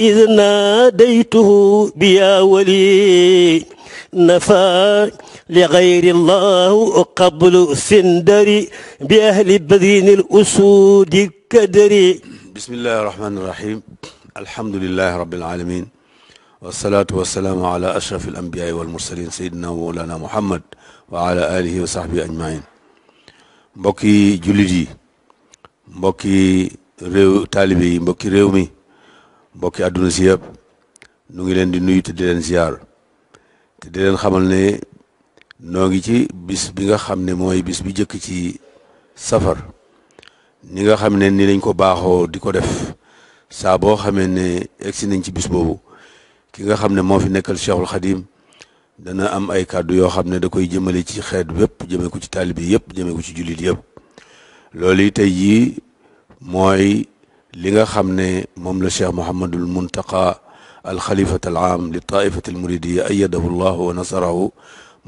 إذ ناديته بيا ولي نفى لغير الله قبل سندري بأهل بدين الأسود كدري بسم الله الرحمن الرحيم الحمد لله رب العالمين والصلاة والسلام على أشرف الأنبياء والمرسلين سيدنا ومولانا محمد وعلى آله وصحبه أجمعين mbokki jullit yi mbokki réew taalibe yi mbokki réew mi mbokki àdduna si yëpp nu ngi leen di nuyu te di leen ziar te di leen xamal ne noo ngi ci bis bi nga xam ne mooy bis bi jëkk ci safar ni nga xam ne ni lañ ko baaxoo di ko def saa boo xamee ne si nañ ci bis boobu ki nga xam ne moo fi nekkal Cheikhul Khadim dana am ay kàddu yoo xam ne da koy jëmale ci xeet bépp jëmee ko ci taalibe yëpp jëmee ko ci jullit yëpp loolu yi tey jii mooy li nga xam ne moom la cheikh Mouhamadul Muntaqa al xalifat al aam li taifat al ay ayyadahu llahu wa nasarahu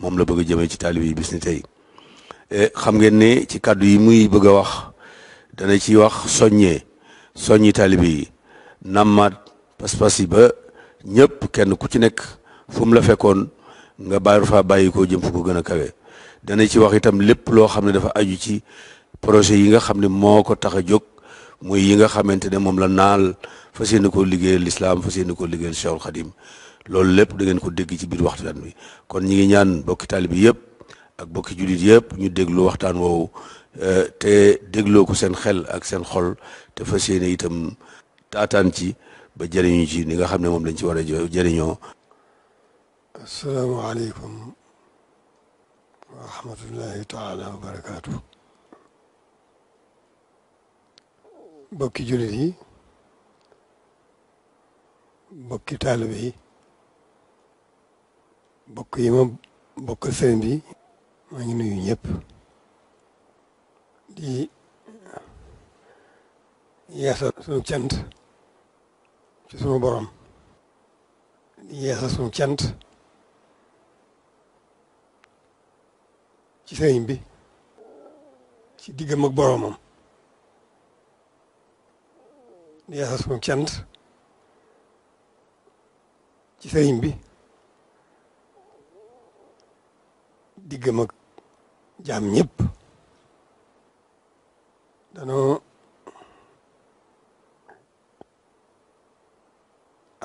moom la bëgg a jëmee ci taalibe yi bis ni tey eh, xam ngeen ne ci kàddu yi muy bëgg a wax dana ci wax soññee soññi taalibe yi nammaat pas-pas yi ba ñëpp kenn ku ci nekk fu la fekkoon nga baaru fa bàyyi ko jëm fu ko gën a kawe dana ci wax itam lépp loo xam ne dafa aju ci projet yi nga xam ne moo ko tax a jóg muy yi nga xamante ne moom la naal fas yéene koo liggéeyal lislaam fas yéene koo liggéeyal Cheikhul Khadim loolu lépp dangeen ko dégg ci biir waxtaan bi kon ñi ngi ñaan bokki taalibe yëpp ak bokki jullit yëpp ñu déglu waxtaan woowu eh, te dégloo ko seen xel ak seen xol te fas yéene itam taataan ci ba jëriñu ci ni nga xam ne moom lañ ci war a jëriñoo asalaamaaleykum wa rahmatullahi taala wa bokki jullit yi bokki taalibe yi bokk yi ma bokk sëriñ bi maa ngi nuyu ñëpp di yeesa sunu cant ci sunu borom di yeesa sunu cant ci sëriñ bi ci diggam ak boromam di yeesal suñu cant ci sëriñ bi diggam ak jaam ñëpp danoo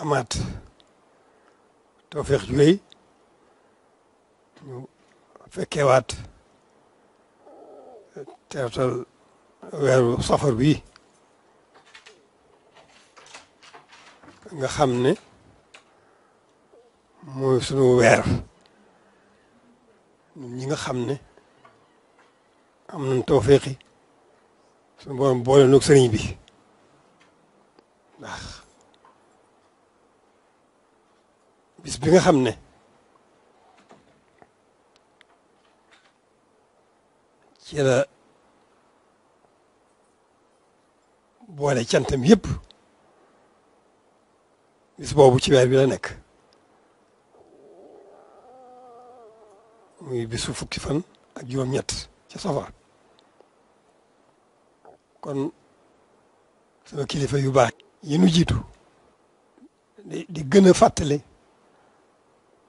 amaat tawfeex ju rëy ñu fekkeewaat tertal weeru safar bii nga xam ne mooy sunu weer ñun ñi nga xam ne am nañ tawféqi sunu borom boole noog bi ndax bis bi nga xam ne ci boole cantam yëpp bis boobu ci weer bi la nekk muy bisu fukki fan ak juróom-ñett ca safar kon sama kilifa yu baax yi nu jiitu di gën a fàttali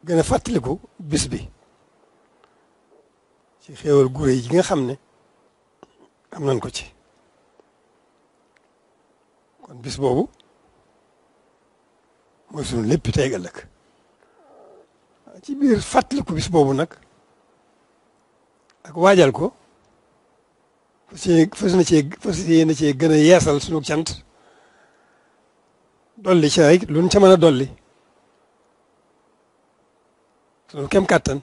gën a fàttaliku bis bi ci xéewal gure yi nga xam ne am nañ ko ci kon bis boobu mooy sunu lépp tey ak ëllëg ci biir fàttaliku bis boobu nag ak waajal ko fas na cee fas yéene cee gën a yeesal sunu cant dolli ci ay lu ñu ca mën a dolli sunu kem kàttan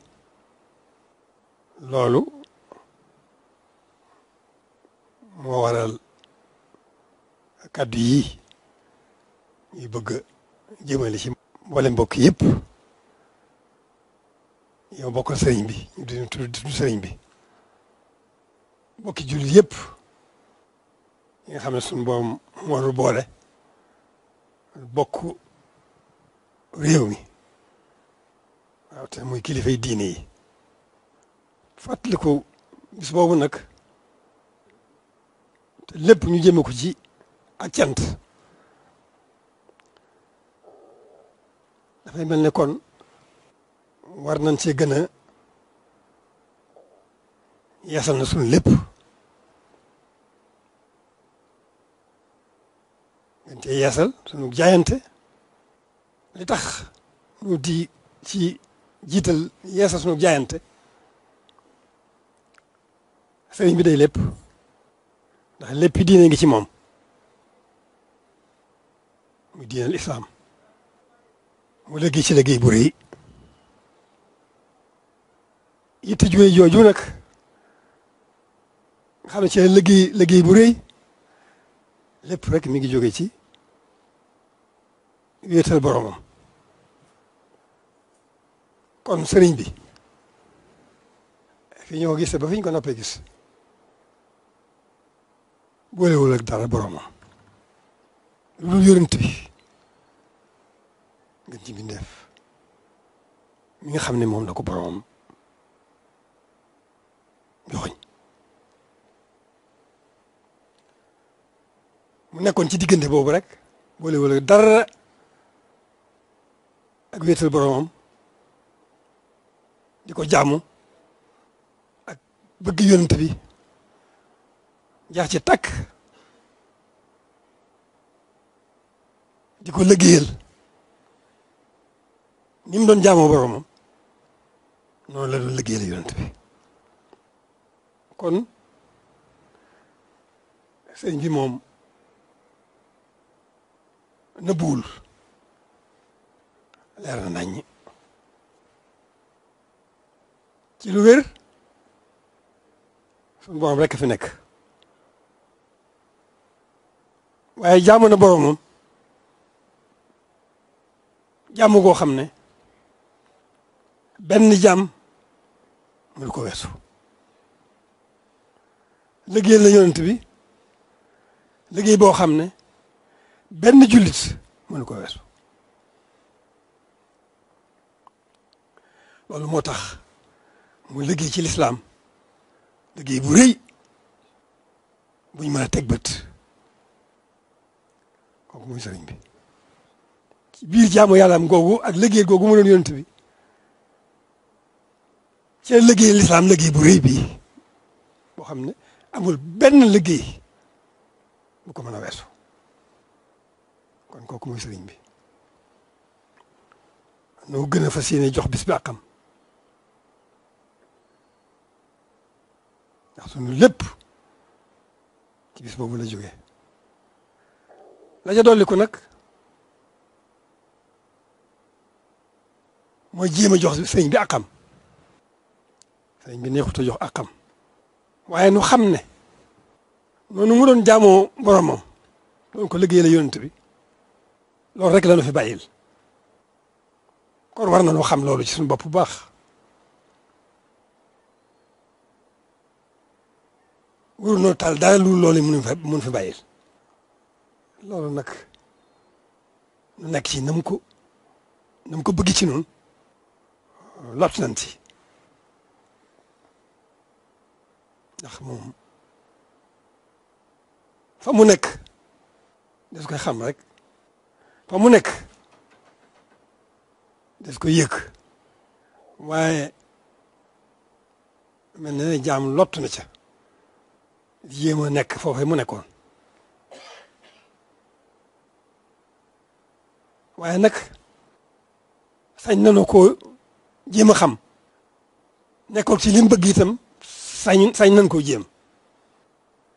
loolu moo waral kàddu yii ñuy bëgg jëmale ci wala mbokk yëpp yow bokkal sëriñ bi duñu tudd sëriñ bi mbokki jullit yëpp yi nga xam ne suñu boom mooru boole bokk réew mi te muy kilifay diine yi fàttaliku bis boobu nag te lépp ñu jëme ko ji ak cant dafay mel ni kon war nañ ci gën a yeesal na suñu lépp gën cee yeesal suñu jaayante li tax ñu di ci jiital yeesal suñu jaayante sëriñ bi day lépp ndax lépp diine ngi ci moom muy diinal islaam mu liggéey ci liggéey bu rëy yitte ju rëy jooju nag nga xam ne ci liggéey liggéey bu rëy lépp rek mi ngi jóge ci wéetal boromam kon sëriñ bi fi ñoo gis ba fiñ ko noppee gis boolewul ak dara boromam lu dul yonent bi gën ci mbindeef mi nga xam ne moom la ko boroom joxoñ mu nekkoon ci diggante boobu rek boole wala dara ak wéetal boroomam di ko jaamu ak bëgg yonent bi jaax ci takk di ko liggéeyal ni mu doon jaamoo boromam noonu la doon liggéeyal yonent bi kon sëñ bi moom nëbbuwul leer na naññi ci lu wér suñu borom rekk fi nekk waaye jaamu na boromam jaamu goo xam ne benn jàmm mënu ko weesu liggéey la yonent bi liggéey boo xam ne benn jullit mënu ko weesu loolu moo tax mu liggéey ci lislaam liggéey bu rëy buñ ma a teg bët kooku muy sëriñ bi ci biir jaamu yàllaam googu ak liggéey googu mu doon yonent bi ci liggéey lislaam liggéey bu rëy bii boo xam ne amul benn liggéey bu ko mën a weesu kon kooku mooy sëriñ bi noo gën a fas yéene jox bis bi àqam ndax sunu lépp ci bis boobu la jógee la ca dolli ko nag mooy jéem a jox sëriñ bi àqam sëriñ bi neexut a jox akam waaye nu xam ne noonu mu doon jaamoo boromam doon ko liggéey la yonent bi loolu rek la nu fi bàyyil kon war na noo xam loolu ci suñu bopp bu baax wuru noo taal daal lu loolu mun fi mun fi bàyyil nag nu nekk ci nam ko nam ko bëgg ci noonu lot nañ ci ndax moom fa mu nekk des koy xam rek fa mu nekk des ko yëg waaye mel na ne jaam lott na ca jéem a nekk foofee mu nekkoon waaye nag sañ nanu ko jéem a xam nekkoon ci li mu bëgg itam sañ sañ nañ koo jéem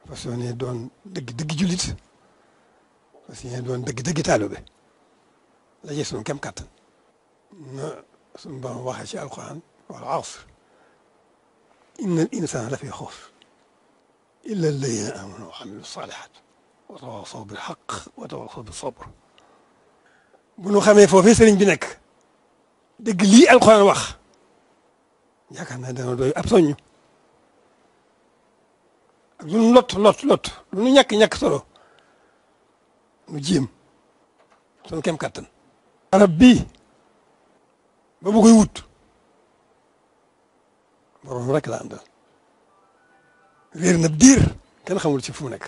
fas doon dëgg dëgg jullit fas doon dëgg dëgg taalibe la jeex suñu kem kàttan na suñu borom waxee ci alquran wal asr inna al insana la fi xawf illa alladina amanu wa amilu salihat wa tawasaw bil haq wa tawasaw bis sabr bu ñu xamee foofee sëriñ bi nekk dëgg lii alquran wax yaakaar naa dana doy ab soññu lu lot lot lot lu nu ñàkk solo mu jéem sunu kem kàttan barab bii ba bu koy wut borom rek la àndal wéer na diir kenn xamul ci fu mu nekk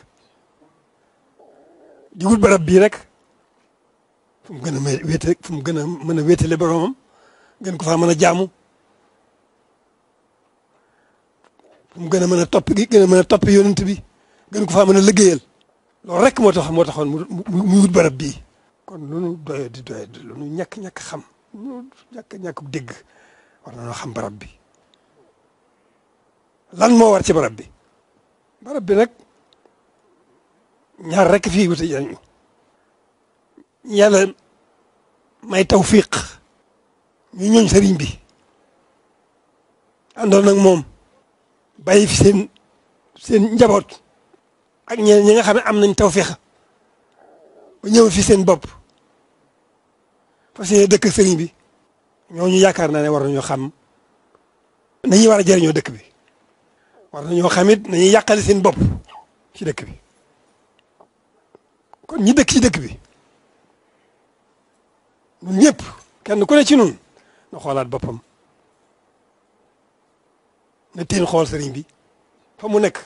di wut barab bii rek fu gën a may wéete fu mu gën a mën a wéetale boromam gën ko faa mën a jaamu mu gën a mën a topp gi gën mën a topp yonent bi gën ko faa mën a liggéeyal loolu rek moo tax moo taxoon mu wut barab bii kon lu nu doye di doye lu nu ñàkk-ñàkk xam lu nu ñàkk-ñàkk dégg war na noo xam barab bi lan moo war ci barab bi barab bi nag ñaar rek fii wuti jariñu yàlla may tawfiq ñu ñooñ sëriñ bi àndoon nag moom bàyyi fi seen seen njaboot ak ñeneen ñi nga xam ne am nañ tawféex ba ñëw fi seen bopp parce que dëkk sëriñ bi ñooñu yaakaar naa ne war nañoo xam nañuy war a jëriñoo dëkk bi war nañoo xam it nañuy yàqale seen bopp ci dëkk bi kon ñi dëkk ci dëkk bi ñun ñëpp kenn ku ne ci nun na xoolaat boppam na tiin xool sëriñ bi fa mu nekk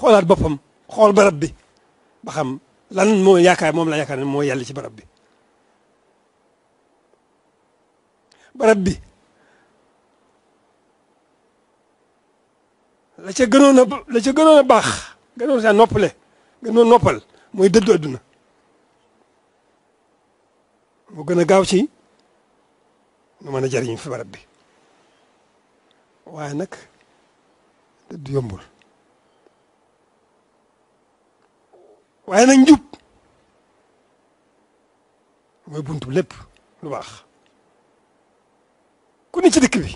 xoolaat boppam xool barab bi ba xam lan moo yaakaar moom la yaakaar ne moo yàlla ci barab bi barab bi la ca gënoon a la ca gënoon a baax gënoon saa noppale gënoon noppal mooy dëddu adduna moo gën a gaaw ci nu mën a jariñ fi barab bi waaye nag du yombul waaye nag njub mooy buntu lépp lu baax ku ne ci dëkk bi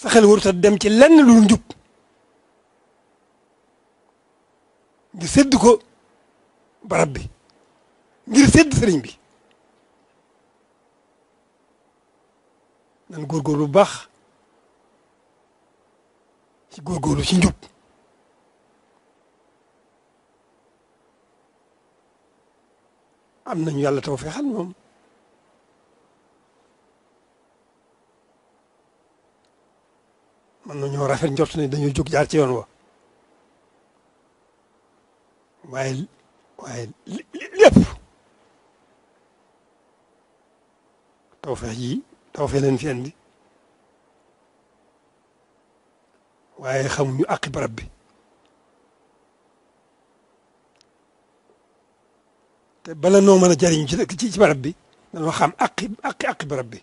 sa xel warut dem ci lenn lu njub ngir sedd ko barab bi ngir sédd sëriñ bi nan góorgóorlu bu baax ci góorgóorlu ci njub am nañu yàlla taw feexal ñoom mën nañoo rafet njort ne dañoo jóg jaar ci yoon wa waaye waaye lépp taw feex taw feex fi andi waaye xamuñu àqi barab bi te bala noo mën a jariñ ci ci barab bi dañoo xam àqi àqi àqi barab bi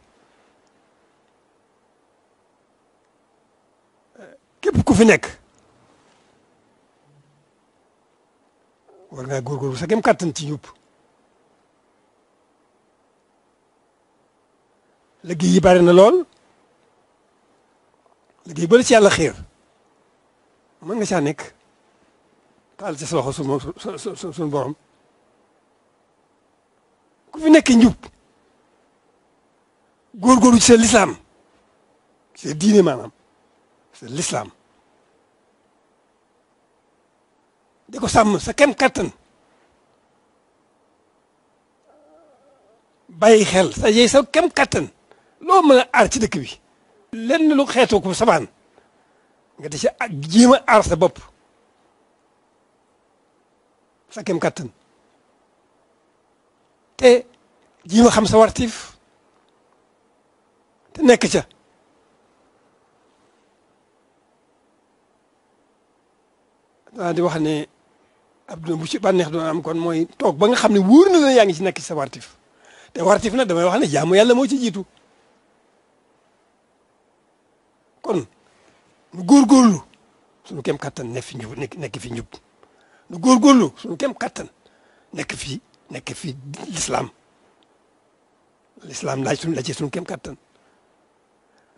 eh, képp ku fi nekk war ngaa góorgóorlu sa gem kàttan ci ñub liggéey yi bari na lool liggéey bala ci yàlla mën nga caa nekk taal ci sa loxo sunu sunu borom ku fi nekk njub góorgóorlu ci sa lislaam ci sa diine maanaam sa lislaam di ko sàmm sa kem kattan bàyyi xel sa yey sa kem kattan loo mën a aar ci dëkk bi lenn lu xeetoo ko sabaan nga di ci jéem a aar sa bopp sa kem kattan te jéem a xam sa wartiif te nekk ca daa di wax ne ab duna bu ci bànneex doon am kon mooy toog ba nga xam ne wóor na yaa ngi ci nekk ci sa wartif te wartiif nag damay wax ne jaamu yàlla moo ci jiitu kon nu góorgóorlu suñu kem kattan nekk fi njub nekk fi njub nu góorgóorlu suñu kem kattan nekk fi nekk fi lislaam lislaam laaj suñu laaj suñu kem kattan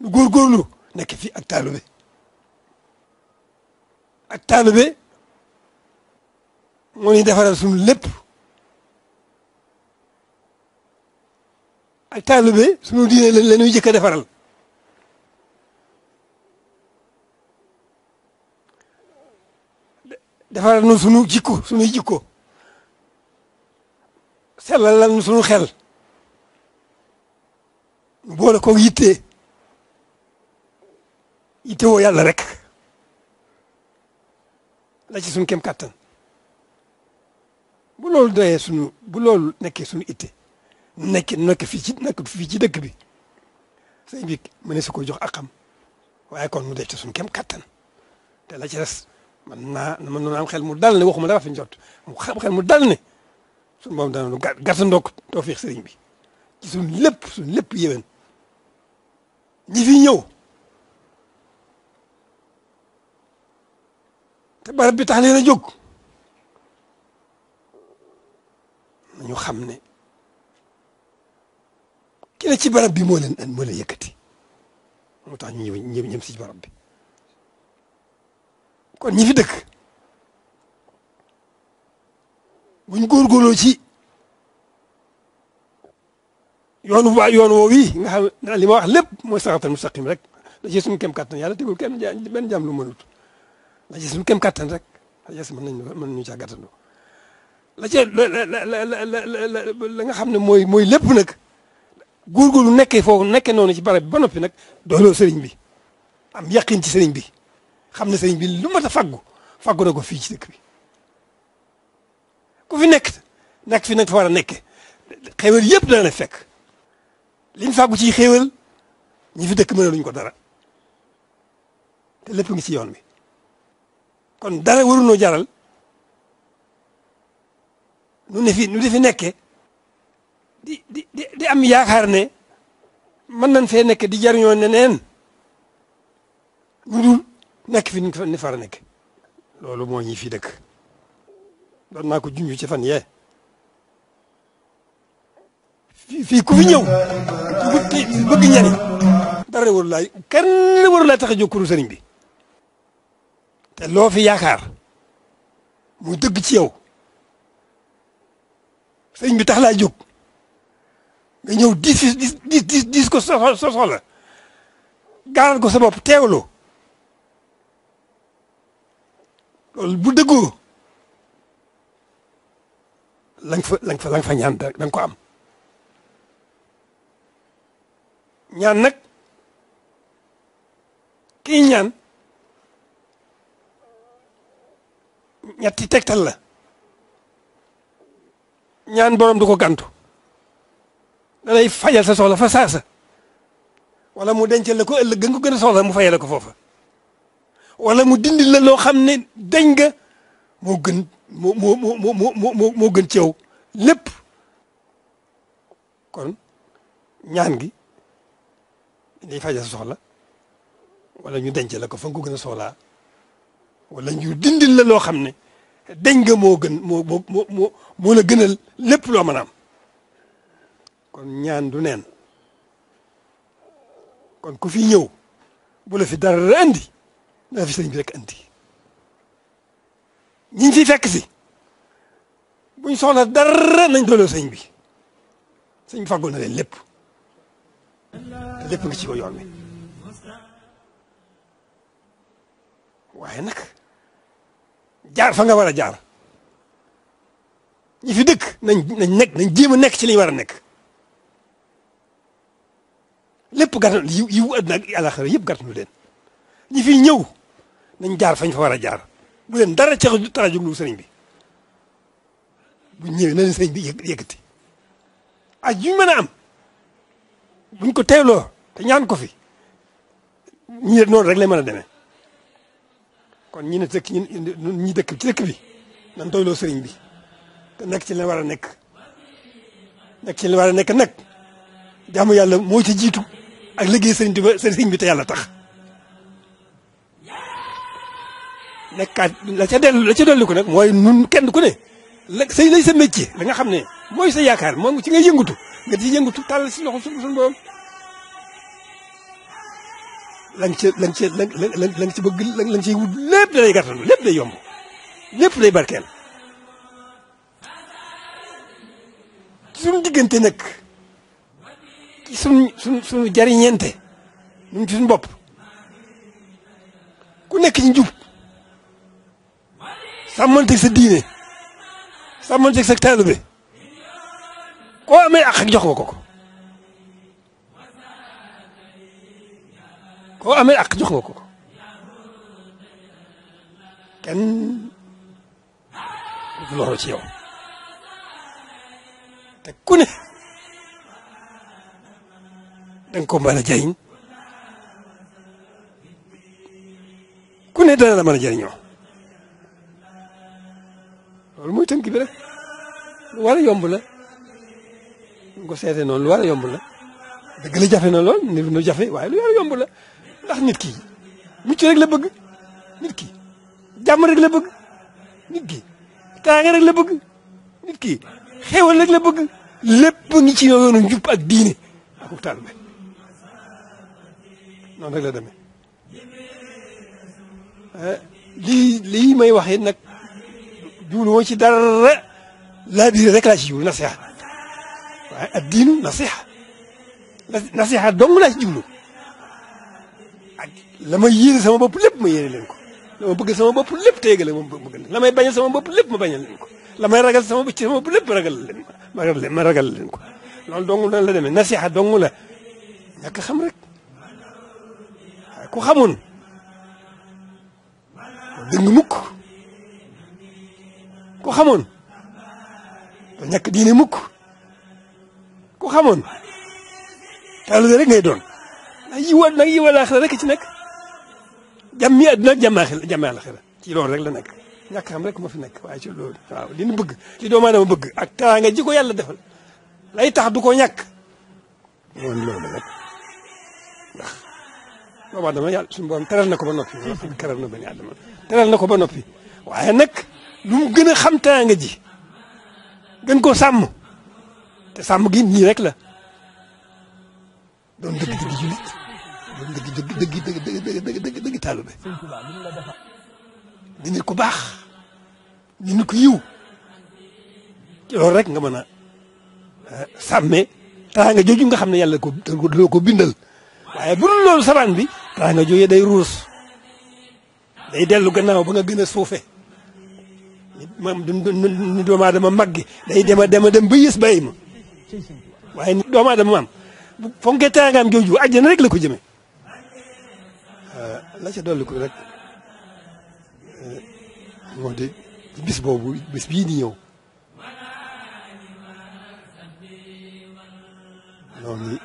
nu góorgóorlu nekk fi ak taalube ak taalube moo ñuy defaral suñu lépp ak taalube suñu diine la ñuy jëkk a defaral defaral nu sunu jikko sunuy jikko sellal la nu sunu xel ñu boole kook yitte yitte woo yàlla rek la ci sunu kem kàttan bu lool doyee sunu bu lool nekkee sunu itte nekk nekk fi ci nekk fii ci dëkk bi sëñ bi mu ne su ko jox akam waaye kon mu def ci sunu kem kàttan te la ci man naa man noonu am xel mu dal ne waxuma dara fi njot mu xel mu dal ne suñu moom dana nu gàtt ndokk tawfiix sëriñ bi ci suñ lépp suñ lépp yéwén ñi fi ñëw te barab bi tax leen a ñu xam ne ki ne ci barab bi moo leen moo leen yëkkati moo tax ñu ñëw ñëm si bi kon ñi fi dëkk buñ góorgóorloo ci yoonu waa yoon woowu yi nga xam ne li ma wax lépp mooy saratal mustaqim rek la ci suñu kem kattan yàlla tegul kenn ja benn jàmm lu la ci suñu kem kattan rek la ci mën nañu mën nañu caa gàttandu la ci la la la nga xam ne mooy mooy lépp nag góorgóorlu nekkee foofu nekke noonu ci barab bi ba noppi nag dooloo sëriñ bi am yaqin ci sëriñ bi. xam na sëñ bi lu mat a faggu faggu na ko fii ci dëkk bi ku fi nekk nekk fi nag fa war a nekke xéwal yëpp dana la fekk liñ faggu ci xéwal ñi fi dëkk luñ ko dara te lépp ngi ci yoon bi kon dara warunoo jaral nu ne fi nu di fi nekke di di di am yaakaar ne mën nañ fee nekk di jariñoo neneen ñu dul nekk fi ni fara nekk loolu moo ñi fi dëkk doon naa ko junj ci fan yee fii ku fi ñëw bëgg ñani dara waru laay kenn waru laay tax a jóg sëriñ bi te loo fi yaakaar mu dëgg ci yow sëriñ bi tax laa jóg nga ñëw diis diis diis diis ko soxla gaaral ko sa bopp teewloo loolu bu dëggoo la nga fa la nga fa ñaan da ko am ñaan nag kii ñaan ñetti tegtal la ñaan borom du ko gantu da lay fajal sa soxla fa saasa wala mu dencal la ko ëllëg gën ko gën a soxla mu fayal la ko foofa wala mu dindi la loo xam ne dañ nga moo gën moo moo moo moo moo gën ci yow lépp kon ñaan gi day faja sa soxla wala ñu denc la ko fa gën a soxlaa wala ñu dindil la loo xam ne dañ nga moo gën moo moo moo moo la gënal lépp loo mën a am kon ñaan du neen kon ku fi ñëw bu la fi dara andi na fi sëriñ bi rek andi ñi fi fekk si buñ soxla dara nañ dooloo sëriñ bi sëriñ bi fàggul leen lépp te lépp nga ci ko yoon wi waaye nag jaar fa nga war a jaar ñi fi dëkk nañ nañ nekk nañ jéem a nekk ci li ñu war a nekk lépp gàttal yiw yiw àdduna yëpp gàttalu leen ñi fi ñëw nañ jaar fañ fa war a jaar bu leen dara ca tax a jóg lu sëriñ bi bu ñëwee na leen sëriñ bi yëkkati ak yu mën a am buñ ko teeloo te ñaan ko fi ñi noonu rek lay mën a deme kon ñi ne dëkk ñi dëkk ci dëkk bi nan doyloo sëriñ bi te nekk ci li war a nekk nekk ci li war a nekk nag jaamu yàlla moo ci jiitu ak liggéey sëriñ bi sëriñ bi te yàlla tax nekkaat la ca dellu la ca dolli ko nag mooy nun kenn ku ne la say lay sa métier la nga xam ne mooy sa yaakaar moom ci ngay yëngatu nga ci yëngatu tàllal si loxo suñu borom la nga ca la nga ca la la nga ca bëgg la nga ciy wut lépp day gàttandu lépp day yomb lépp day barkeel suñu diggante nag ci suñu suñu suñu jariñeente ñun ci nekk ci njub sàmmanteeg sa diine sàmmanteeg sa taalibe koo amee àq jox nga ko ko koo amee àq jox nga ko ko kenn du loru ci yow te ku ne ko mën a jëriñ ku ne dana la mën a jëriñoo. loolu mooy tënk bi rek lu war yomb la bu ko seetee noonu lu war yomb la dëgg la jafe na lool niru na jafe waaye lu war yomb la ndax nit ki mucc rek la bëgg nit ki jàmm rek la bëgg nit ki taange rek la bëgg nit ki xéwal rek la bëgg lépp ngi ci yoonu njub ak diine ak utaal bi noonu rek la demee eh, lii lii may waxee nag. juul woo ci dara laa biir rek laa ci juul nasiha waaye ak diinu nasiha nasiha dong laa ci jublu la ma yéene sama bopp lépp ma yéene leen ko la ma bëgg sama bopp lépp te yëgale moom la may bañal sama bopp lépp ma bañal leen ko la may ragal sama bëcc sama lépp ragal leen ma ragal leen ma ragal leen ko loolu dong la demee nasiha dong la ñàkk xam rek waaye ku xamoon dëng mukk ku xamoon ñakk ñàkk diine mukk ku xamoon taalu de rek ngay doon ndax yi wa nag yi wa laaxira rek ci nekk jàmmi àdduna ak jàmmi àxira jàmmi àxira ci loolu rek la nekk ñàkk xam rek moo fi nekk waaye ci loolu waaw li bëgg li doomu aadama bëgg ak teraanga ji ko yàlla defal lay tax du ko ñàkk moom loolu nag ndax doomu aadama yàlla suñu borom teral na ko ba noppi teral na na ko ba noppi waaye nag lu mu gën a xam teraanga ji gën koo sàmm te sàmm gi nii rek la doon dëgg-dëgg jullit doon dëgg-dëgg dëgg dëgg dëgg dëgg taalube di nit ku baax di nit ku yiw ci loolu rek nga mën a eh, sàmmee teraanga jooju nga xam ne yàlla ko doo ko bindal waaye bu dul loolu sabaan bi teraanga jooju day ruus day dellu gannaaw ba nga gën a suufee moom du doomu aadama màgg day dema dema dem ba yës bàyyi ma waaye ni doomu aadama maam bu fonkee teraangaam jooju àjjana rek la ko jëmee euh, la ca dolli ko rek euh, moo bii di ñëw loolu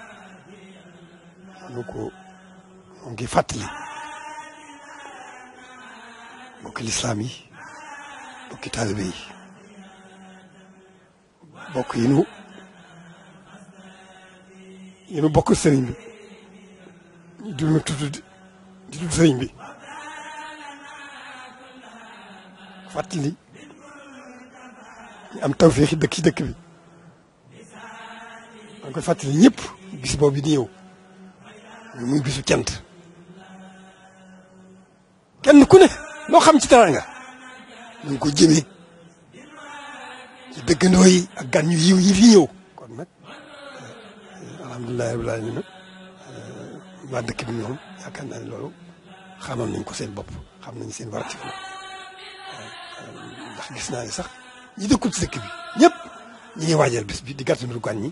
nu ko mu ngi fàttali mbokki lislaam yi bokki taalibe yi bokk yi nu yi bokk sëriñ bi ñu dul nu tudd di tudd sëriñ bi fàttali am tawféexi dëkk ci dëkk bi maa ngi koy fàttali ñëpp bis boobu di ñëw muy bisu cant kenn ku ne xam ci teraanga ñu ko jëmee ci dëkkandoo yi ak gan yu yiw yi fi ñëw kon nag eh, alhamdulilah rabbil alamin eh, waa dëkk bi ñoom yaakaar naa ne loolu xamal nañ ko seen bopp xam nañ seen warati ko eh, ndax gis naa ne sax ñi dëkkul ci dëkk bi ñëpp ñi ngi waajal bés bi di gàttandu gan ñi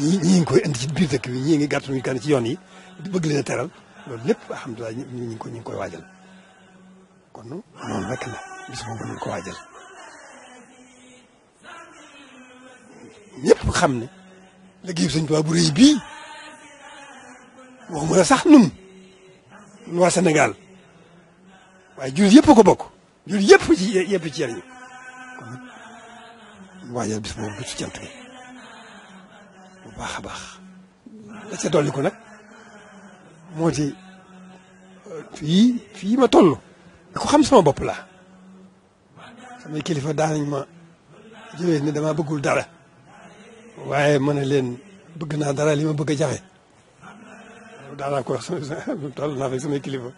ñi ñi ngi koy indi ci biir dëkk i ñi ngi ñu gan ci yoon yi di bëgg leen a teral loolu lépp alhamdulilah ñu ko ñu ngi koy waajal kon noonu rek la bis boobu nañ ko waajal ñëpp xam ne liggéey Sëñ Tuubaa bu rëy bii waxuma sax nun nun waa Sénégal waaye jur yëpp ko bokk jur yëpp ci yëpp ci yariñu kon waajal bis boobu bisu cant gi bu baax a baax da ca dolli ko nag moo di euh, fii fii ma toll ko xam sama bopp la samay kilifa daanañ ma jëwee ne dama bëggul dara waaye ma ne leen bëgg naa dara li ma bëgg a jafe daanaa ko toll naa fekk samay kilifa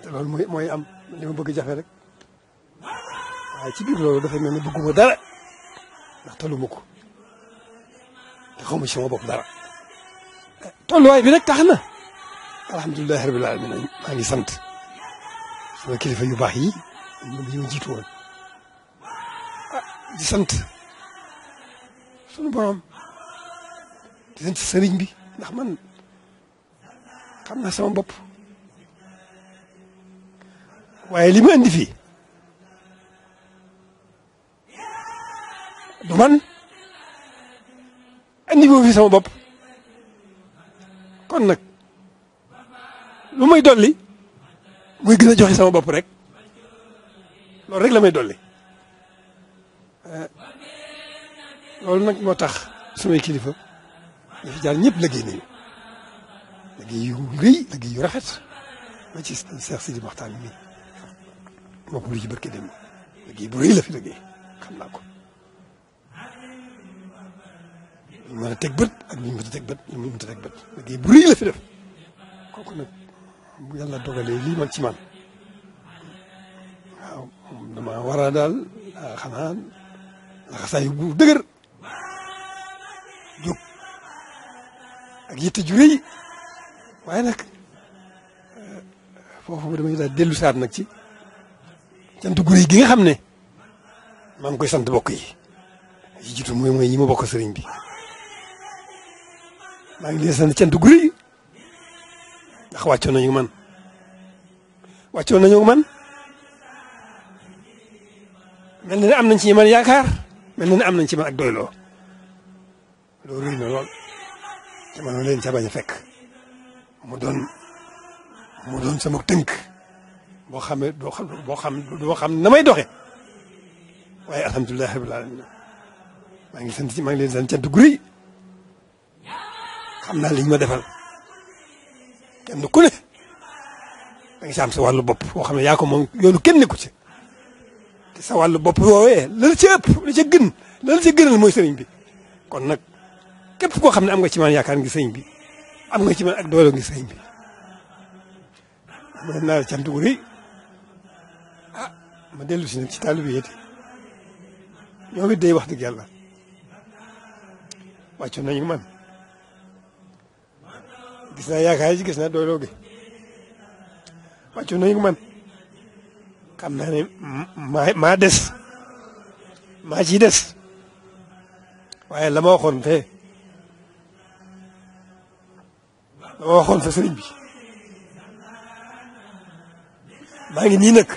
te loolu mooy mooy am li ma bëgg jafe rek waaye ci biir loolu dafay mel ne bëgguma dara ndax toluma ko te xawma ci bopp dara tolluwaay bi nag tax na alhamdulilahi rabil alamin maa ngi sant sama kilifa yu baax yi yi ma woon ah di sant sunu borom di sant sëriñ bi ndax man xam na sama bopp waaye li ma fi fii du man indi ko fi sama bopp kon nag lu may dolli muy gën a joxe sama bopp rek loolu rek la eh, nag moo tax sumay kilifa ñu fi jaar ñëpp liggéey nañu liggéey yu rëy liggéey rafet ma ci Seex Sidi Maxtaar mi moo ko bu ñu mën a teg bët ak ñu mën a teg bët ñu mën a teg bët liggéey bu rëy la fi def kooku nag yàlla dogalee lii man ci man dama war a daal ah, xanaa laxasaayu bu dëgër jóg ak yitte ju rëy waaye nag eh, foofu damay daal dellu saat nag ci cant gu rëy gi nga xam ne maa ngi koy sant bokk yi yi jiitu moy mooy ma bokk sëriñ bi maa ngi leen sant cant gu ndax wàccoon nañu man wàccoon nañu man mel na ne am nañ ci man yaakaar mel na ne am nañ ci man ak doyloo loolu rëy na lool te man leen ca bañ a fekk mu doon mu doon sama tënk boo xam boo xam doo xam na may doxe waaye alhamdulilah rabbil alamin maa ngi sant maa ngi leen sant cant gu guri xam naa liñ ma defal kenn ku ne da nga si sa wàllu bopp boo xam ne yaa ko moom yoonu kenn nekku ci te sa wàllu bopp woowee la la ca ëpp la ca gën la la ca gënal mooy sëriñ bi kon nag képp koo xam ne am nga ci man yaakaar ngi sëriñ bi am nga ci man ak doole ngi sëriñ bi mën naa la cant ah ma dellu si nag ci taalibe yi ñoom it day wax dëgg yàlla wàccoon nañu man gis naa yaakaar yi gis na doyloo gi wàccoon nañu man xam naa maa des maa ci des waaye lama waxoon fee la ma waxoon fee sëriñ bi maa ngi nii nag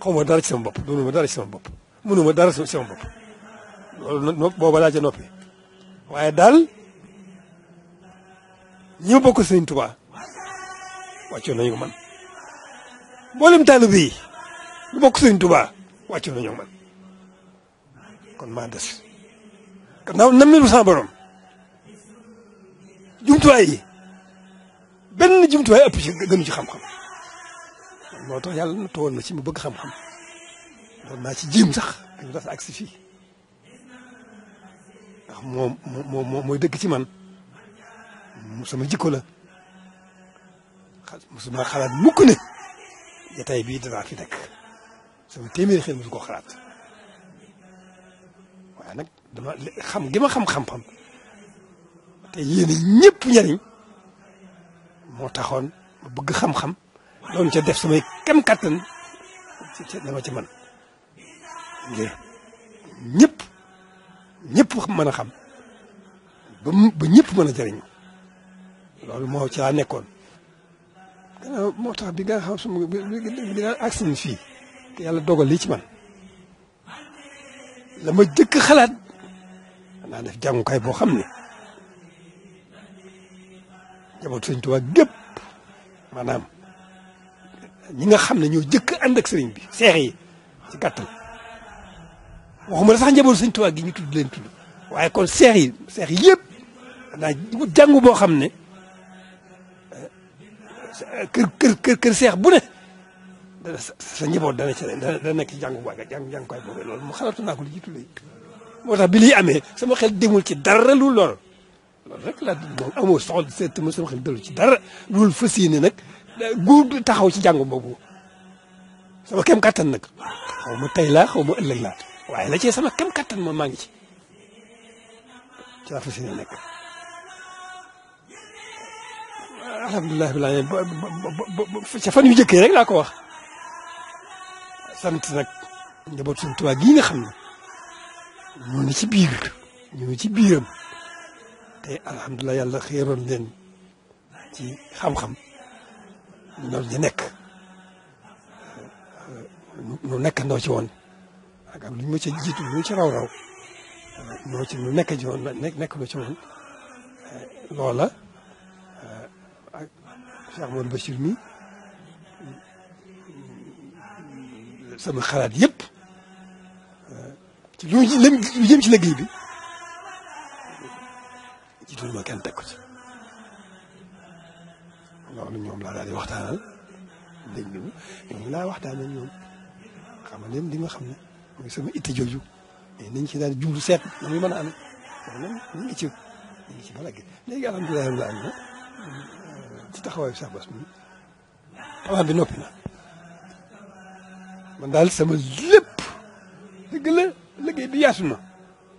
xaw ma dara ci sama bopp doonu ma dara ci sama bopp mënu ma dara ci sama bopp booba laa ca waaye dal ñi ma bokk sëriñ Tuubaa wàccoon nañu ko man mboolem taalibe yi lu bokk sëriñ Tuubaa wàcc na ñoom kon maa des gannaaw nam melu sama borom jumtuwaay yi benn jumtuwaay ëpp ci gënu ci moo tax yàlla na ci mu bëgg xam-xam ci jéem sax dañu das ak si moo moo mooy ci man sama jikko la musuma xalaat mukk ne jataay bii danaa fi nekk sama téeméeri xel mosu ko xalaat waaye nag dama xam gi ma xam xam-xam te yéen ñëpp njariñ moo taxoon ma bëgg xam-xam doon ca def samay kem kattan dama ci man ñépp ñëpp ñëpp mën a xam ba ba ñëpp mën a jëriñ loolu moo ci nekkoon moo tax bi nga xam suma bi daal agsi fii yàlla dogal lii ci man la jëkk xalaat naa def jàngukaay boo xam ne jaboot sëriñ Tuubaa gépp maanaam ñi nga xam ne ñoo jëkk ànd ak sëriñ bi seex yi ci gàttal waxuma la sax njaboot sëriñ Tuubaa gi ñu tudd leen tudd waaye kon seex yi seex yi yëpp naa jàngu boo xam ne kër kër kër kër seex bu ne sa njaboot dana ci dana nekk ci jànguwaay loolu mu xalaatu naa ko lu jiitu léegi moo tax bi liy amee sama xel demul ci dara lu lool loolu rek laa moom amoo soxla seet ma sama xel dellu ci dara loolu fas yéene nag guud taxaw ci jàngu boobu sama kem kattan nag xaw ma tey laa xaw ma ëllëg laa waaye la ci sama kem kattan moom maa ngi ci ci laa fas yéene nekk alhamdulilah bi laa ca fan yu jëkkee rek laa ko wax sant nag njaboot suñu Tuubaa gii nga xam ne ñoo ngi ci biir ñoo ci biiram te alhamdulilah yàlla xéeroon leen ci xam-xam loolu di nekk nu nekk ndoo ci woon ak am lu ñu ma ci jiitu lu ci raw-raw noo ci nu nekk ci woon nekk ndoo ci woon loola ak Cheikh Mouhamadou Bachir mi sama xalaat yépp ci lu lu jëm ci liggéey bi jiitu ma kenn teg ko ci loolu ñoom laa daal di waxtaanal dégg nga ñoom laa waxtaanal ñoom xam nga leen di nga xam ne mooy sama itti jooju mais nañ ci daal di jublu seet na muy mën a amee loolu ñu ngi ci ñu ngi ci balaa gi léegi alhamdulilah ci taxawaayu sax bas mi xabaar bi noppi na. man daal sama lépp dëgg la liggéey bi yaatu na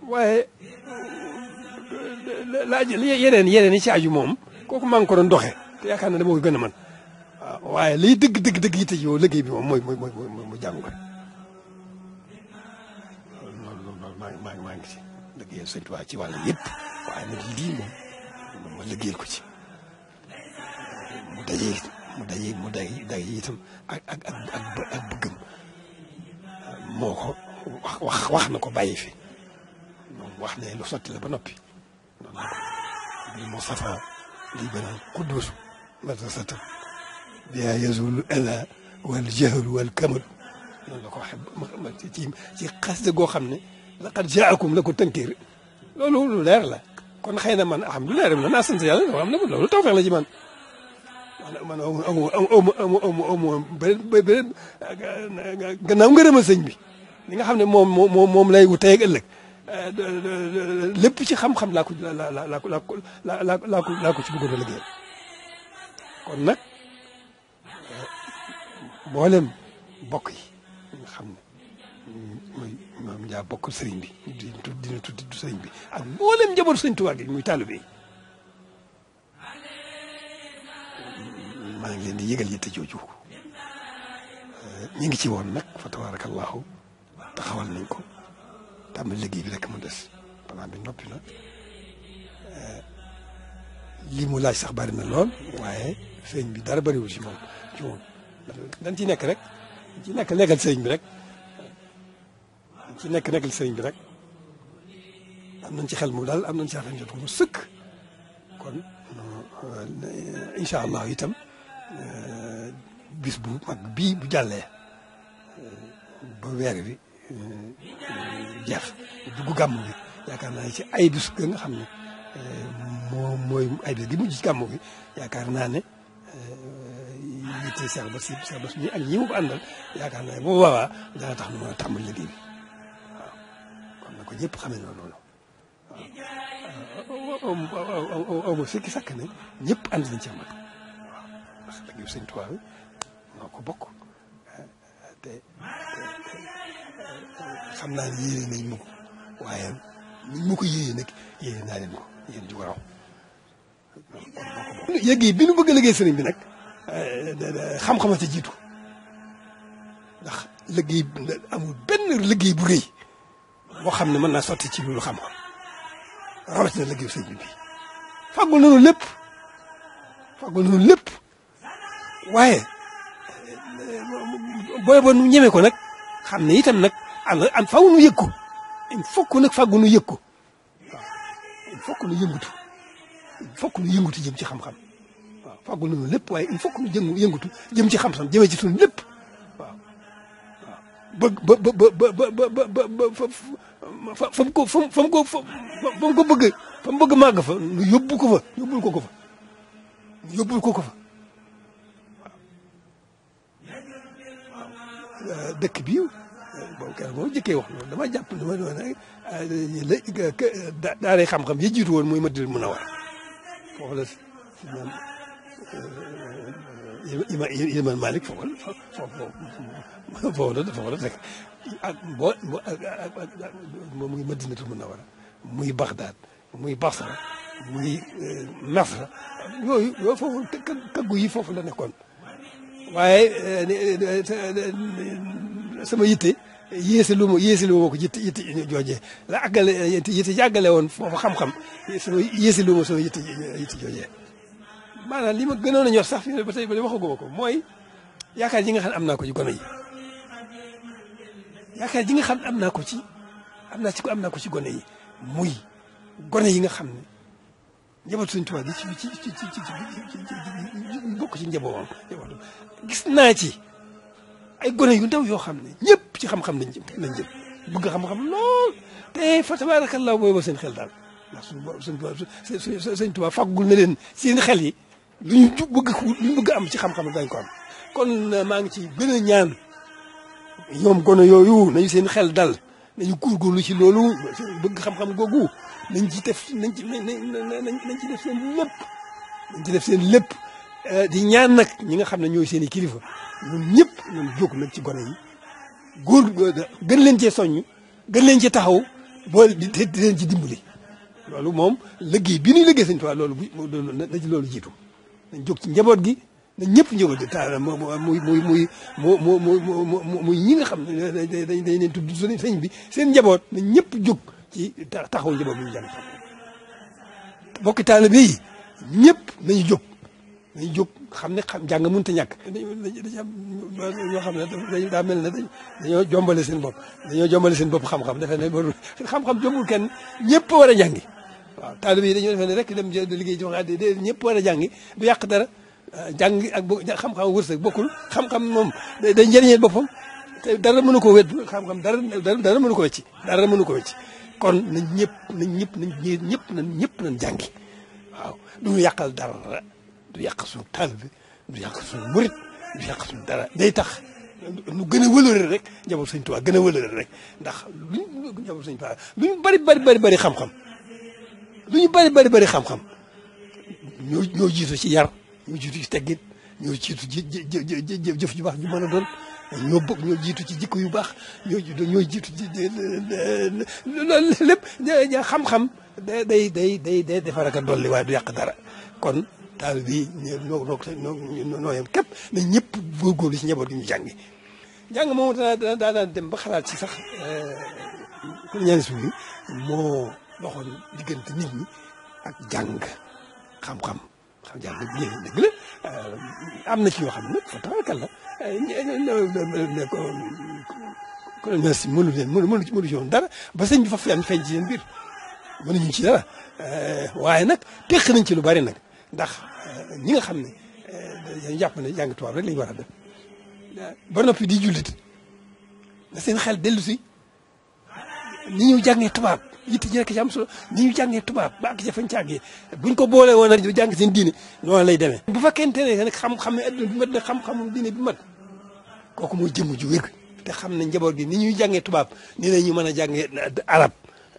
waaye euh, laaj yeneen yeneen yi ci aju moom kooku maa ngi ko doon doxee te yaakaar na dama ko gën a mën ah, waaw liy dëgg dëgg dëgg yitte yow liggéey bi moom mooy mooy mooy mooy jàngu ko loolu maa ngi maa ngi maa ngi ci wàll yëpp ko ci mu dajee mu dajee mu dajee itam ak ak moo ko wax wax wax na ko bàyyi fi moom wax ne lu sotti la ba noppi noonu la ko bil Mustafa libanal quddus madrasata biha yazulu ala wal jahlu wal kamal noonu la ko waxee ci ci xasde goo xam ne laqad jaakum la ko tënkiir loolu lu leer la kon xëy na man am lu leer la naa sant yàlla loo xam ne loolu tawfeex la man man amu amu amu amu gannaaw ngërëmal sëñ bi li nga xam ne moom moom moom lay wut tey ak eh, ci xam-xam laa ko laa laa ci bëggoon a kon nag eh, mboolem bokk yi nga xam ne mooy maam Ndiaye bokkul sëriñ bi di di di tudd sëriñ bi ak mboolem njabootu sëriñ waa gi muy taalibe yi maa ngi leen di yëgal yitte jooju ñu ngi ci woon nag fa tabaarakallaahu taxawal nañ ko tàmbali liggéey bi rek mu des plan bi noppi na li laaj sax bari na lool waaye sëñ bi dara bariwul si moom ci moom nekk rek ci nekk nekkal sëñ bi rek ci nekk nekkal sëñ bi rek am nañ ci xel mu daal am nañ ci affaire jot ko mu sëkk kon incha allah itam bis bu mag bii bu jàllee ba weer wi jeex gàmm bi yaakaar naa ci ay bis nga xam ne mooy ay bis gi mujj ci gàmm bi yaakaar naa ne yitte Cheikh Bass Cheikh Bass ñi ñi mu ko àndal yaakaar naa ne bu boobaa tax nu mën a tàmbali liggéey bi kon na ko ñëpp xamee noonu loolu waaw aw ma sikki sàkk ne ñëpp ànd nañ ci amal ndax liggéeyu sëñ Tuubaa bi xam naa ne yéene nañ ma ko waaye ni ma nag yéene naa leen ko yéen ju ko a liggéey sëriñ bi euh, xam-xama ci jiitu liggéey amul bu rëy xam ne mën naa sotti ci bi fàggul nañu lépp fàggul nañu lépp waaye booy ba nu ñeme ko nag xam ne itam nag ànd an faw nu yëg ko il faut que nag fàggu nu yëg ko waaw il faut que nu yëngutu il jëm ci xam-xam waaw fàggu nañu lépp waaye il faut nu jëngu yëngutu jëm ci xam-xam jëmee ci suñu lépp waaw waaw ba ba ba ba ba bëgg fa màgg fa nu yóbbu ko fa yóbbul ko ko fa ko ko dëkk bi boobu kenn boo jëkkee wax loolu dama jàpp dama doon la daaray xam-xam yi jiitu woon muy Madina mën a war foofu la maam ima Iliman Malik foofu la foofu foofu la foofu muy Madinatul Munawara muy Baxdaad muy Basra muy Masra eh, yooyu yooyu foofu kaggu yi foofu la nekkoon waaye eh, eh, eh, sama yitte yéese lu ma yéese lu ko yitte yitte joojee la àggale yitte jàggale woon foofu xam-xam sama yéese lu ma sama yitte yitte joojee maanaam li ma gënoon a ñor sax fii ba tey ba waxaguma ko mooy yaakaar ji nga xam am naa ko ci gone yi nga xam am naa ko ci am naa ci ko am naa ko ci gone yi muy gone yi nga xam ne njabootu suñu tubaab bi ci ci ci ci ci bokk ci njabootam gis naa ci ay gone yu ndaw yoo xam ne ñëpp ci xam-xam lañ jëm lañ jëm bëgg xam-xam lool te fa tabaarakallaa booy ba seen xel daal ndax suñu suñu suñu tubaab faggul na leen seen xel yi luñ bëgg luñ bëgg am ci xam-xam dañ ko am kon maa ngi ci gën a ñaan ñoom gone yooyu nañu seen xel dal nañu góorgóorlu ci loolu bëgg xam-xam googu nañ ci def nañ ci nañ ci def seen lépp nañ ci def seen lépp euh, di ñaan nag ñi nga xam ne ñooy seen i kilifa ñun ñëpp ñun jóg nag ci gona yi góor gën leen cee soññ gën leen ci taxaw boole di di leen ci dimbali loolu moom liggéey bi ñuy liggéey Sëñ Tuubaa loolu bu na ci loolu jiitu nañ jóg ci njaboot gi na ñëpp njëbal di taal muy muy muy muy mu mu muy ñi nga xam ne dañ dañ leen tudd sëñ bi seen njaboot na ñëpp jóg ci taxaw njaboot bi ñu jàng bokki taalibe yi ñëpp nañu jóg nañu jóg xam ne xam jàng mënut a ñàkk. ñoo xam ne daa mel ne dañoo jombale seen bopp dañoo jombale seen bopp xam-xam defe ne xam-xam jombul kenn ñëpp war a jàngi waaw taalibe yi dañoo defe ne rek dem liggéey jox àddi ah, ñëpp war a jàngi du yàq dara. jàng ak xam-xam wërsëg bokkul xam-xam moom day njëriñeel boppam te dara mënu ko wét xam-xam dara dara mënu ko wecci dara mënu ko wecci kon nañ ñëpp nañ ñëpp nañ ñëpp nañ ñëpp nañ jàngi waaw du ñu yàqal dara du yàq suñu taal bi du yàq suñu murit du yàq suñu dara day tax nu gën a wëlëre rek njaboot sëñ Tuubaa gën a wëlëre rek ndax luñ njaboot sëñ Tuubaa lu ñu bari bari bari bari xam-xam lu ñu bari bari bari xam-xam ñoo ñoo jiitu ci yar ñu jiitu ci teggit ñoo jiitu ci jëf ju baax ñu mën a doon ñoo bokk ñoo jiitu ci jikko yu baax ñoo ñoo jiitu ci loolu lépp xam-xam day day day day defar ak a dolli waaye du yàq dara kon taal bi noo noo noo yem képp na ñëpp góorgóorlu si njaboot gi ñu jàngi jàng moom dana daan dem ba xalaat si sax colonialisme euh, bi moo doxoon diggante nit ñi ak jàng xam-xam dafa jaar dëgg dëgg la am na ci yoo xam ne nag fa tawakkal la kon ñoo si mënu leen mënu ci woon dara ba sëñ bi fa feeñ feeñ ci seen biir mënuñu ci dara euh, waaye nag teq nañ ci lu bari nag ndax euh, ñi nga xam ne euh, dañu jàpp ne jàng tubaab rek lañu war a def ba noppi di jullit na seen xel dellu si ni ñu jàngee tubaab. yitte ji rek ci am solo ni ñu jàngee tubaab ba ak jafañ càggee buñ ko boolee woon rek jàng seen diine noonu lay demee bu fekkente ne nag xam-xam ne bi mat na xam-xamu diine bi mat kooku mooy jëmm ju wér te xam ne njaboot gi ni ñuy jàngee tubaab ni la ñu mën a jàngee arab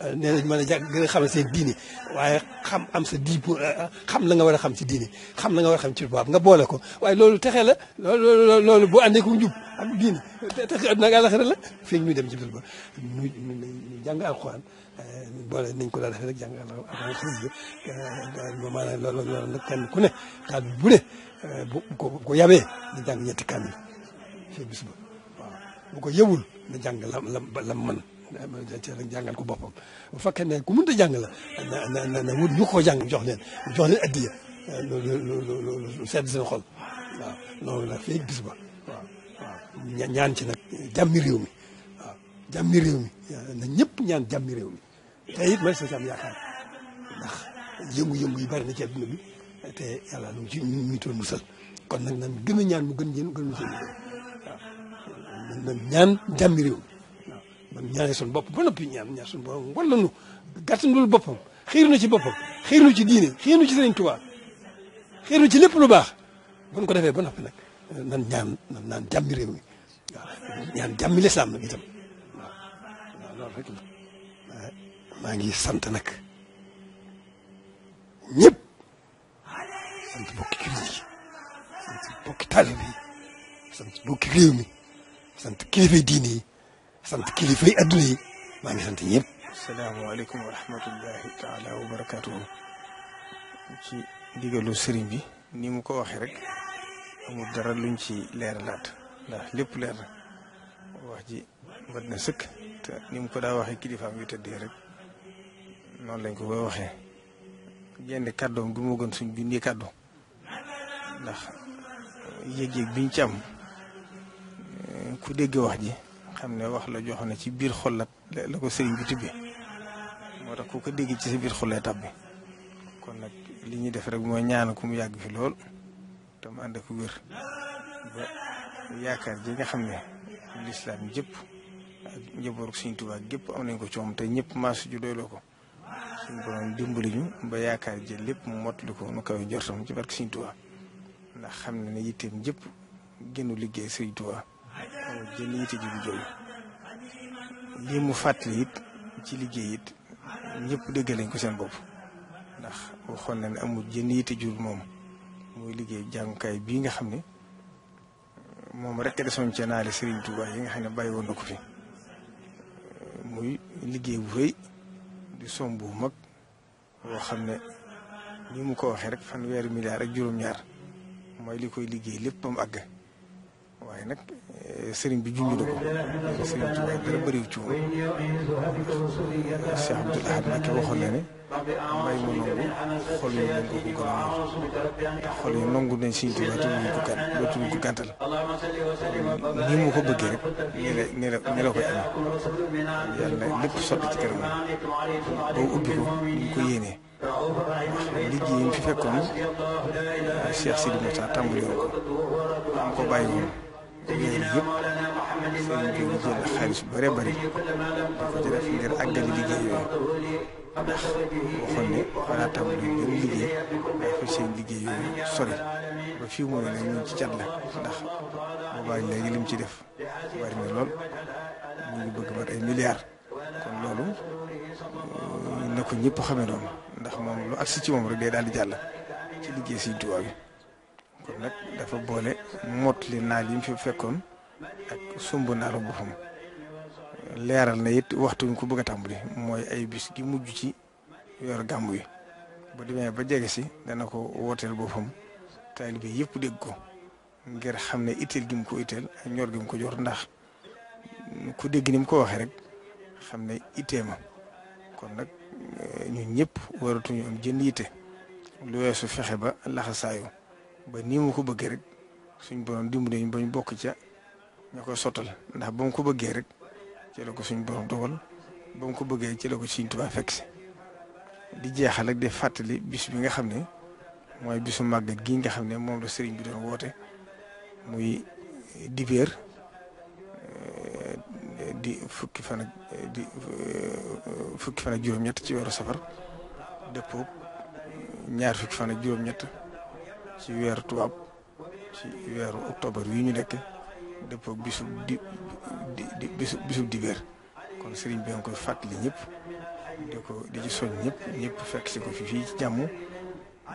Euh, nee nañ mën a jàng gën a xamal seen diine waaye xam am sa di pour euh, xam la nga war a xam ci diine xam la nga war a xam ci tubaab nga boole ko waaye loolu texe la loolu loolu bu àndee ku njub ak diine texe àdduna ak àllaxira la fii ñu dem ci biir ba ñu ñu jàng alxuraan euh, boole nañ ko daal defee rek jàng alxuraan xasida maanaam loolu loolu nag kenn ku ne kàddu bu ko bu ko yabee ñetti kàddu fii bis ba waaw bu ko yëwul na jàng lam lam mën teel a jàngal ko boppam bu fekkee ne ku mënut a jàng la na na na wut ñu ko jàng jox leen jox leen addiya loolu loolu loolu sedd seen xol waaw loolu la feeg bis ba waaw waaw ñaan ci nag jàmmi réew mi waaw jàmmi réew mi na ñëpp ñaan jàmmi réew mi te it man sa am yaakaar ndax yëngu-yëngu yi bari na ci adduna bi te yàlla lu ci ñu ñu toon musal kon nag nan gën a ñaan mu gën yéen gën musal waaw nan ñaan jàmmi réew mi man ñaanee suñu bopp ba noppi ñaan ñaan suñu bopp wala nu gàttandul bopp xiir nu ci bopp xiir nu ci diine xiir nu ci Sëriñ Tuubaa xiir nu ci lépp lu baax buñ ko defee ba noppi nag nan ñaan nan naan réew mi waaw ñaan jàmmi lislaam nag itam waaw waaw maa ngi sant nag ñëpp sant bokki jullit yi bokki taalibe yi bokki réew mi sant diine sant kilifa yi adduna yi maa ngi sant ñëpp. salaamaaleykum wa rahmatullahi taala wa barakaatu. ci digalu sëriñ bi ni mu ko waxee rek amul dara luñ ci leeralaat ndax lépp leer na wax ji mat na sëkk ni mu ko daa waxee kilifaam yu tëddee rek noonu lañ ko koy waxee. genn kàddoom gi moo gën suñ bindee kàddu ndax yéeg-yéeg biñ ci am eh, ku dégg wax ji. xam ne wax la jox ne ci biir xollat la ko sëriñ bi moo tax ku ko dégg ci sa biir xollee tab bi kon nag li ñuy def rek mooy ñaan ku mu yàgg fi lool te mu ànd ak wér ba yaakaar ji nga xam ne lislaam jëpp ak njabootu Sëriñ gépp am nañ ko coom te ñëpp maasu ju ko dimbali ñu ba yaakaar ji lépp mu mottali ko nu kawe jortam ci barke Sëriñ Tuubaa ndax xam ne ne yitteem jëpp génnu liggéey Sëriñ Tuubaa jël yite ji di jooy lii mu fàttali it ci liggéey it ñëpp dégg nañ ko seen bopp ndax waxoon na ne amul jënd yite jur moom muy liggéey jàngukaay bii nga xam ne moom rek desoon ci naale Serigne Touba yi nga xam ne bàyyi woon na ko fi muy liggéey bu rëy di somb bu mag boo xam ne ni mu ko waxee rek fanweeri milliard ak juróom-ñaar mooy li koy liggéey lépp ba àgg. waaye nag eh, sëriñ bi junj na ko sëriñ Tuubaa dara bëriw ci woon Cheikh Abdoul Ahad Mbacké waxoon na ne may mu nangu xol yi nangu ko gën a te xol yi nangu nañ Sëriñ Tuubaa te duñ ko gàn dootuñ ko gàntal nii mu ko bëggee rek nii la nii la nii la koy amee yàlla lépp sotti ci këram boo ubbi ko ñu ko yéenee. liggéey yi fi fekkoon ah, Cheikh Sidi Moussa tàmbali woon ko am ko bàyyi woon yooyu yëpp sëriñ bi di génn xaalis bu bëree bëri di ko ci def ngir àggali liggéey yooyu ndax waxoon ne balaa tàmbali ngir liggéey ay fa seen liggéey yooyu sori ba ñu ci la ndax boobaa léegi def bari na lool bëgg mat ay milliards kon loolu na ko ñëpp xamee noonu ndax moom lu agsi ci moom rek day daal di jàll ci liggéey Sëriñ Tuubaa bi kon nag dafa boole mottali naal yi fi fekkoon ak sumb naalu boppam leeral na it waxtu ko bëgg a tàmbali mooy ay bis gi mujj ci yor gàmb yi bu demee ba jege si dana ko wooteel boppam taalibe yëpp dégg ko ngir xam ne itteel gi mu ko itteel ak ñor gi mu ko jor ndax ku dégg ni mu ko waxee rek xam ne ittee ma kon nag eh, ñu ñëpp waratuñu am jën yitte lu weesu fexe ba laxasaayu ba nii mu ko bëggee rek suñ borom dimbali ñu ba bokk ca ña koy sottal ndax ba mu ko bëggee rek ci la ko suñ borom dogal ba mu ko bëggee ci la ko Sëriñ Tuubaa fekk si di jeexal ak di fàttali bis bi nga xam ne mooy bisu màggat gi nga xam ne moom la sëriñ bi doon woote muy dibéer eh, di fukki fan di eh, fukki fan ak juróom-ñett ci weeru safar dëppoo ñaar fukki fan ak juróom-ñett. ci weeru tubaab ci weeru octobre yi ñu nekk dëpp bisu di di bisu bisu dibéer kon sëriñ bi nga koy fàttali ñëpp di ko di ci soñ ñëpp ñëpp fekk si ko fi fii ci jàmm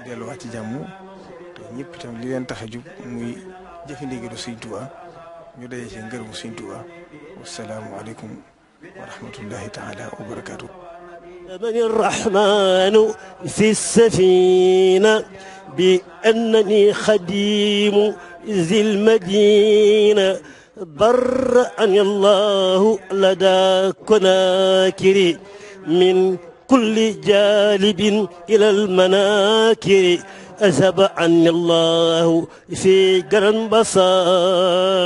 delluwaat ci jàmm te ñëpp itam li leen tax a jub muy jëfe ndigalu Sëriñ Tuubaa ñu daje ci ngërëmu Sëriñ Tuubaa wasalaamualeykum wa rahmatullahi taala wa barakaatu. أمن الرحمن في السفينة بأنني خديم ذي المدينة برأني الله لدى كناكري من كل جالب إلى المناكر أذهب عني الله في قرن بصار